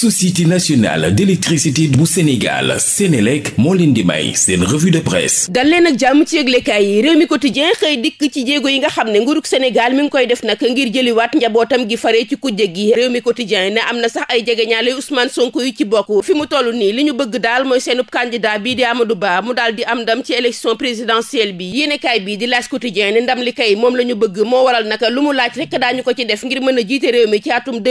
société nationale d'électricité bu Sénégal Sénélec moo leen di may seen revue de presse dal ak jàmm ci yëglekaay yi réew mi quotidien xëy dikk ci jéego yi nga xam ne nguurug Sénégal mi nga koy def nag ngir jëliwaat njabootam gi faree ci kujje gi réew mi quotidien ne am na sax ay jegeñaale Ousmane Sonko yu ci bokk fi mu toll nii li ñu bëgg daal mooy seenub candidat bii di Amadou Ba mu daal di am ndam ci élection présidentielle bi yéenekaay bii di laaj quotidien ne ndam li la bëgg moo waral naka lu mu laaj rek ko ci def ngir mën a jiite réew mi ci atum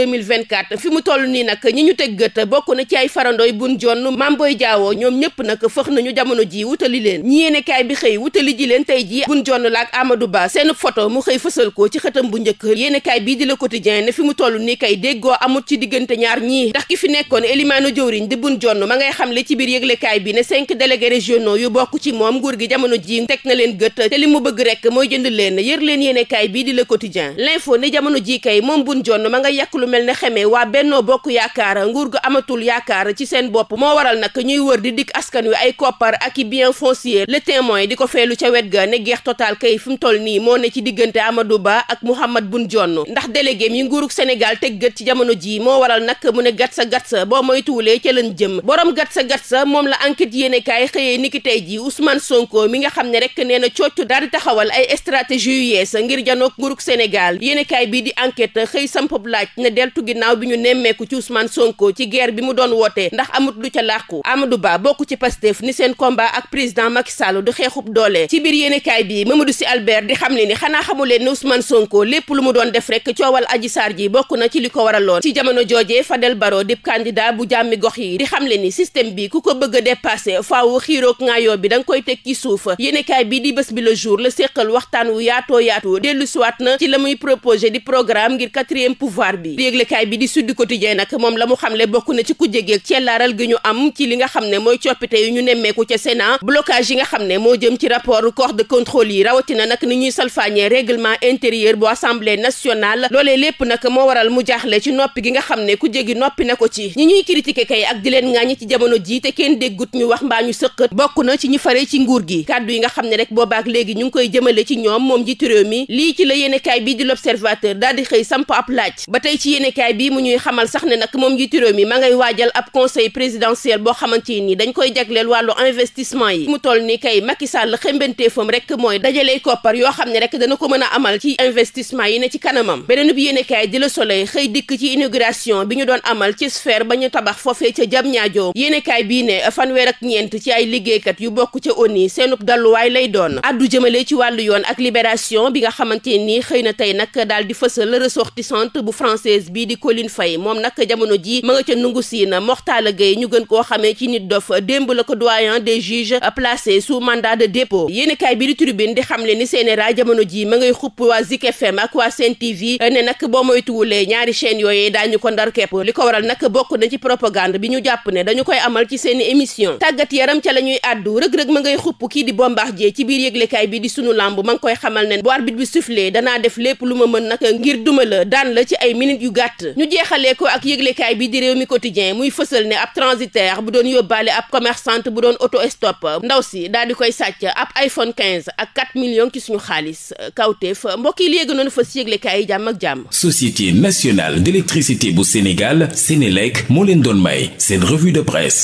teg gët bokk na ci ay farandooy bun jonn mam boy jaawoo ñoom ñëpp nag fëx nañu jamono ji wutali leen ñi yéene bi xëy wutali ji leen tey ji bun jonn laak Amadou Ba seen foto mu xëy fësal ko ci xëtam bu njëkk yéene kaay bii di le quotidien ne fi mu toll ni kay déggoo amut ci diggante ñaar ñii ndax ki fi nekkoon Elimaanu jëwriñ di bun jonn ma ngay xam le ci biir yëglekaay bi ne cinq délégués régionaux yu bokk ci moom nguur gi jamono ji teg na leen gët te li mu bëgg rek mooy jënd leen yër leen yéenekaay bii di le quotidien l'info ne jamono ji kay moom bun jonn ma nga yàq lu mel ne xemee waa bennoo bokk yaakaar nguur gu amatul yaakaar ci seen bopp moo waral nag ñuy wër di dikk askan wi ay koppar ak bien foncier le témoin di ko feelu ca wet ga ne geex total kay fi mu toll nii moo ne ci diggante Amadou Ba ak Mouhamad Boun jonn ndax délégué mi nguurug Sénégal teg gët ci jamono ji moo waral nag mu ne gat sa gat sa boo moytuwulee ca lañ jëm borom gat sa gat sa moom la enquête yéenekaay xëyee niki tey ji Ousmane Sonko mi nga xam ne rek nee na cocc daal di taxawal ay stratégie yu ngir janoog nguurug Sénégal yéenekaay bii di enquête xëy samp laaj ne deltu ginnaaw bi ñu nemmeeku ci Ousmane Sonko Sonko ci guerre bi mu doon wootee ndax amut lu ca làqu Amadou Ba bokk ci Pastef ni seen combat ak président Macky du xeexub doole ci biir yéenekaay bi Mamadou Sy Albert di xam ne ni xanaa xamu leen ne Sonko lépp lu mu doon def rek coowal Adji Sarr ji bokk na ci li ko waraloon ci jamono joojee Fadel Barro dib candidat bu jàmmi gox yi di xam le ni système bi ku ko bëgg a dépassé faaw xiiroog ngaayoo bi da nga koy teg ci suuf yéenekaay bi di bés bi le jour la séqal waxtaan wu yaatoo yaatu dellu siwaat na ci la muy proposé di programme ngir quatrième pouvoir bi yéeglekaay bi di Sud Quotidien nag moom xamle bokk na ci ku jégeeg cellaaral gi ñu am ci li nga xam ne mooy coppite yu ñu nemmeeku ca Sénat blocage yi nga xam ne moo jëm ci rapport corps de contrôle yi rawatina nag ni ñuy salfaañee règlement intérieur bu assemblée nationale loolee lépp nag moo waral mu ci noppi gi nga xam ne ku jégi noppi na ko ci ñi ñuy critiquer kay ak di leen ŋaañi ci jamono jii te kenn déggut ñu wax mbaa ñu sëqat bokk na ci ñu fare ci nguur gi kàddu yi nga xam ne rek boobaak léegi ñu ngi koy jëmale ci ñoom moom ji turéew mi lii ci la yéenekaay bi di l'observateur daal di xëy samp ab njiitu réew mi ma ngay waajal ab conseil présidentiel boo xamante nii dañ koy jagleel wàllu investissement yi mu toll ni kay Macky Sall xembanteefam rek mooy dajalee koppar yoo xam ne rek dana ko mën a amal ci investissement yi ne ci kanamam beneen bi yéene kaay di la soleil xëy dikk ci inauguration bi ñu doon amal ci sphère ba ñu tabax foofee ca Diamniadio yéene kaay bii ne fanweer ak ñeent ci ay liggéeykat yu bokk ca ONU seenub dalluwaay lay doon addu jëmale ci wàllu yoon ak libération bi nga xamante ni xëy na tey nag daal di fësal ressortissante bu française bii di Colline Faye moom gi ma nga ca nungu siina Moxtaala Gaye ñu gën koo xamee ci nit dof démb la ko doyen des juges placé sous mandat de dépôt yéenekaay bi di tribune di xamle ni CNRA jamono ji ma nga xupp waa Zik FM ak waa Sen TV ne nag boo moytuwulee ñaari chaîne yooyee daañu ko ndar kepp li ko waral nag bokk na ci propagande bi ñu jàpp ne dañu koy amal ci seen émission tàggat yaram ca la ñuy àddu rëg-rëg ma ngay xupp kii di Bombardier ci biir yëglekaay bi di suñu làmb ma ngi koy xamal ne bu arbitre def lépp lu ma mën nag ngir duma la la ci ay minutes yu gàtt ñu jeexalee ko ak yëglekaay bi di réew mi quotidien muy fësal ne ab transitaire bu doon yóbbaale ab commercante bu doon auto stop ndaw si daal di koy sàcc ab iPhone 15 ak 4 millions ci suñu xaalis kawteef mbokk yi léegi noonu fa yëglekaay yi jàmm ak jàmm. Société nationale d'électricité bu Sénégal Sénélec moo leen doon may seen revue de presse.